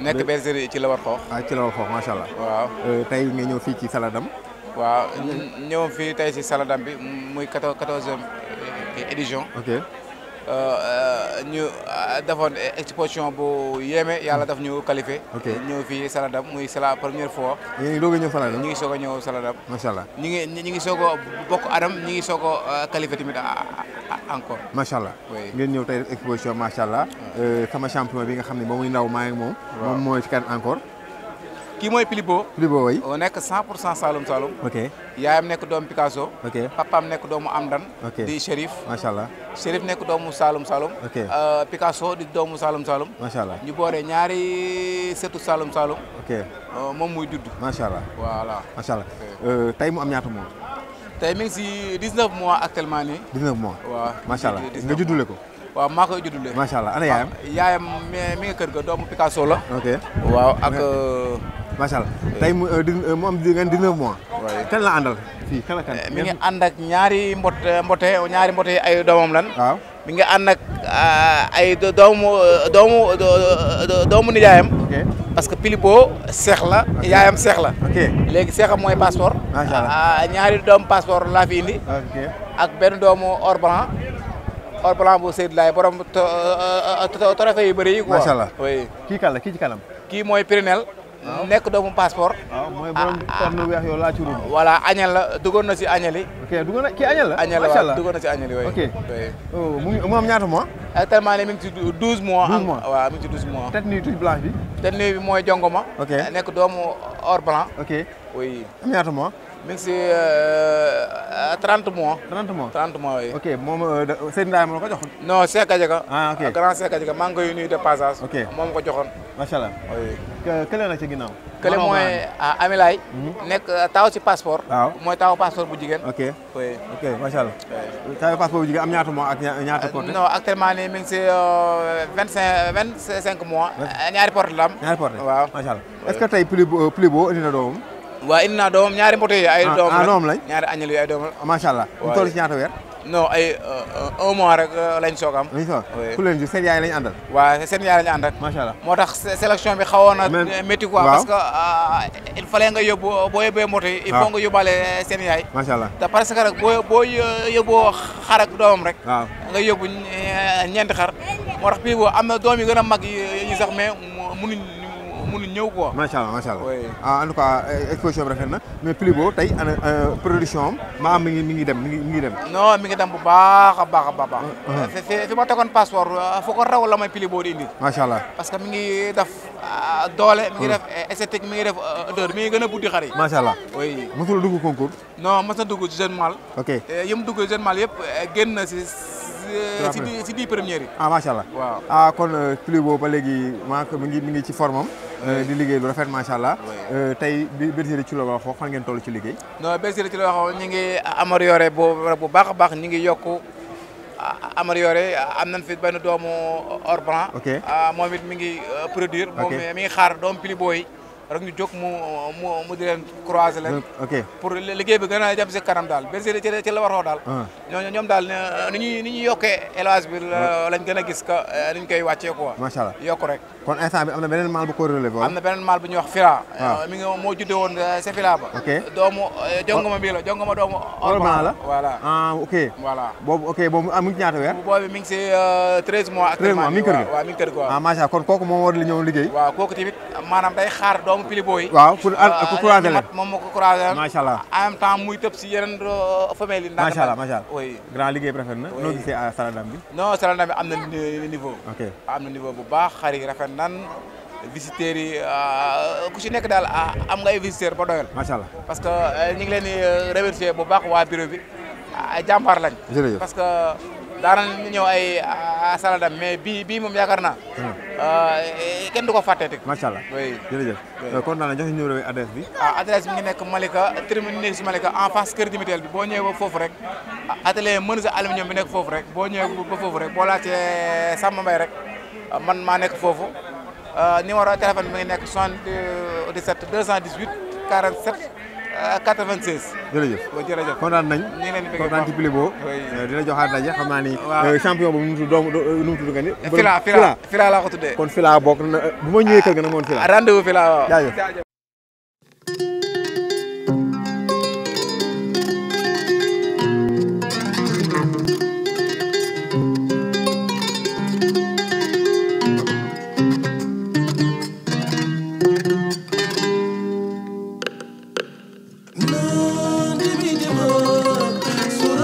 nekk bergerie ci la war xoox ah ci la war xoox macha allah. waaw euh, tay nga ñew fi ci Saladam. waaw ñew fi tay ci Saladam bi muy 14e euh, édition. ok Euh, euh, ñu euh, defoon exposition bu yéeme yàlla daf ñu qualifié. ok ñëw fii Saladam muy c'est la première fois. yéen a ngi doog a ñëw Saladam ñu ngi soog a ñëw Saladam. macha allah ñu ngi ñu ngi soog bokk Adam ñu ngi soog a qualifié tamit encore. macha allah ngeen ñëw tey def exposition macha allah. sama champion bi nga xam ne ba muy ndaw maa ngi moom. mooy ci kan encore. kii mooy Pilibo. Pilibo way oh, nekk 100 pour cent Saloum Saloum. ok yaayam nekk doomu Picasso. ok papaam nekk doomu Amdan. ok di Chérif. Machallah. allah Chérif nekk doomu Saloum Saloum. Euh, Picasso di doomu Saloum Saloum. Machallah. allah ñu boole ñaari setu Saloum Saloum. ok euh, moom muy judd. macha allah voilà. Machallah. allah euh, tey mu am ñaata mois. tey mi ngi si 19 mois actuellement nii. 19 mois waaw. Machallah. allah nga juddule ko. waaw maa koy juddule. macha allah ana yaayam. Ah, yaayam mi nga kër ga doomu Picasso la. ok waaw ak. Euh, macha allah tey mu mu am 19 mois. kan la andal, fii kan la kan. Eh, mi ngi ànd ak ñaari mbot eh, mbote ñaari mbote ay doomam lan. waaw mi ngi ànd ak ay eh, doomu doomu doomu nijaayam. parce que Pilipo seex la yaayam seex la. ok léegi seexam mooy passeport. macha allah ah, ñaari doomu passeport laa fi indi. ak benn doomu or or blanc bu Seydou Laye borom trophée yu bëri yi. quoi macha allah kii kan la kii ci kanam. kii mooy Pirinel. nekk doomu passeport. waaw mooy borom ah, tànn weex yow laa ci ah. la duggoon na si añal yi. ok duggoon na la. añal la waaw duggoon na si añal yi waaw. ok oh, mu am ñaata mois. actuellement nii mi ngi ci douze mois. douze mois waaw mi ngi ci douze mois. tête blanche bi. tête nuit bi mooy jongoma. ok nekk doomu or blanc. ok oui ñaata mois. mi ngi si trente eh, eh, mois. trente mois trente mois yi. ok moom sëñ Ndiaye moo ah ok grand Seck Adiaga maa ngi koy nuyu de passage. ok moom ko joxoon. macha allah. kële na ci ginnaaw. kële mooy Amilaay. Mhm. nekk euh, taw ci passeport. waaw mooy taw passeport bu jigéen. ok ok macha allah. taw passeport bu jigéen am ñaata mois ak ñaata porte. Euh, non actuellement nii mi ngi si euh, vingt cinq est ce que tey plus plus beau indi na waaw indi naa doomam ñaari mbote ah, ah, yi ay doomam lañ ah, allah ñu toll si ñaata weer non ay euh, un mois rek euh, lañ soog am lañ soog ku leen jur seen yaay moo tax sélection bi xawoon na métti parce que euh, nga yóbbu boo yóbbee mbote yi il faut nga yóbbaale seen yaay macha parce que rek boo boo yóbboo xar ak doomam rek waaw nga yóbbu ñeenti xar moo tax bii boo am na doom yi mag yi sax mais mënu ñëw quoi. macha allah macha allah ah, en tout cas eh, exposition bi rafet na mais plus beau tey ana euh, production am maa mi ngi mi ngi dem mi ngi mi ngi dem. non mi ngi dem bu baax a baax a baax. Uh-huh. Eh, c'est c'est fi ma tegoon passeport euh, foo ko raw la may plus beau di indi. macha allah parce que mi ngi def euh, doole. mi ngi uh-huh. def eh, esthétique mi ngi def odeur mi ngi gën a buddi xar yi. macha allah oui. mosul dugg concours. non mos na dugg jeune mal. ok yëm dugg jeune mal yëpp génn na si. si dix premières yi. ah macha allah waaw ah kon euh, plus boobu ba léegi maa mi ngi mi ngi ci formam euh, di liggéey lu rafet macha allah. Euh, tey bi bergerie ci Thilow Waxoox fan ngeen toll ci liggéey. non bergerie ci Thilow Waxoox ñu ngi amariore bo bu baax a baax ñu ngi yokk amariore yore am nañ fi benn doomu or blanc. Ah, moom it mi ngi produire. mi ngi xaar doomu pili booy rek ñu jóg mu mu mu di leen croiser leen. ok pour liggéey bi gën a jëm si kanam daal benn ci ci la waroo dal. Ah. ñooñu ñoom oke. ni ñuy ni ñuy yokkee élevage bi lañ gën a gis que eh, ni koy wàccee quoi. macha allah yokk rek. kon instant bi am na mal maal bu ko relevé. am na beneen maal bu ñuy wax Fira. Ah. Eh, mi ngi moo juddee woon eh, Sefila ba. ok doomu jongoma oh. bii la jongoma doomu. Orban la voilà. ah ok. voilà boobu ok boobu Oke. Ah, ngi ñaata weer. boobu mi ngi si 13 mois. 13 mois mi ngi kër gi ah macha allah kon kooku moo war li ñëw liggéey. waaw kooku tamit maanaam day xaar doom doomu Pilibo yi. waaw pour ku croisé leen moom moo ko croisé leen. macha allah en même temps muy tëb si yeneen euh, famille yi. macha grand liggéey bi rafet na. oui noo gisee saladam am na niveau. ok am na niveau bu baax xar yi rafet euh, ku si nekk daal ah, am nga ay visiteurs ba doyal. macha allah parce que euh, ñu ngi leen di remercier bu baax waa bureau bi ah, jàmbaar lañ. parce daanañ ñu ñëw ay ah, ah, saladam mais bii bii moom yaakaar naa. Ah, eh, kenn du ko fàtteeti. macha allah oui jërëjëf. Euh, kon daanaka joxe numéro bi adresse bi. ah adresse bi ngi nekk Malika terminus nekk si Malika en face kër bi boo ñëwee ba foofu rek atelier menuiserie aluminium bi nekk foofu rek boo ñëwee ba foofu rek boo laajtee Samba Mbaye rek man maa nekk foofu numéro téléphone bi ngi nekk 77 218 47. 96. Euh, jërëjëf jërëjëf nañ kontaan ci Plibo euh, di la joxaat daje xam euh, champion bu mu tudd fila fila laa ko tuddee kon fila bokk na bu ma moon fila ah, rendez-vous fila waaw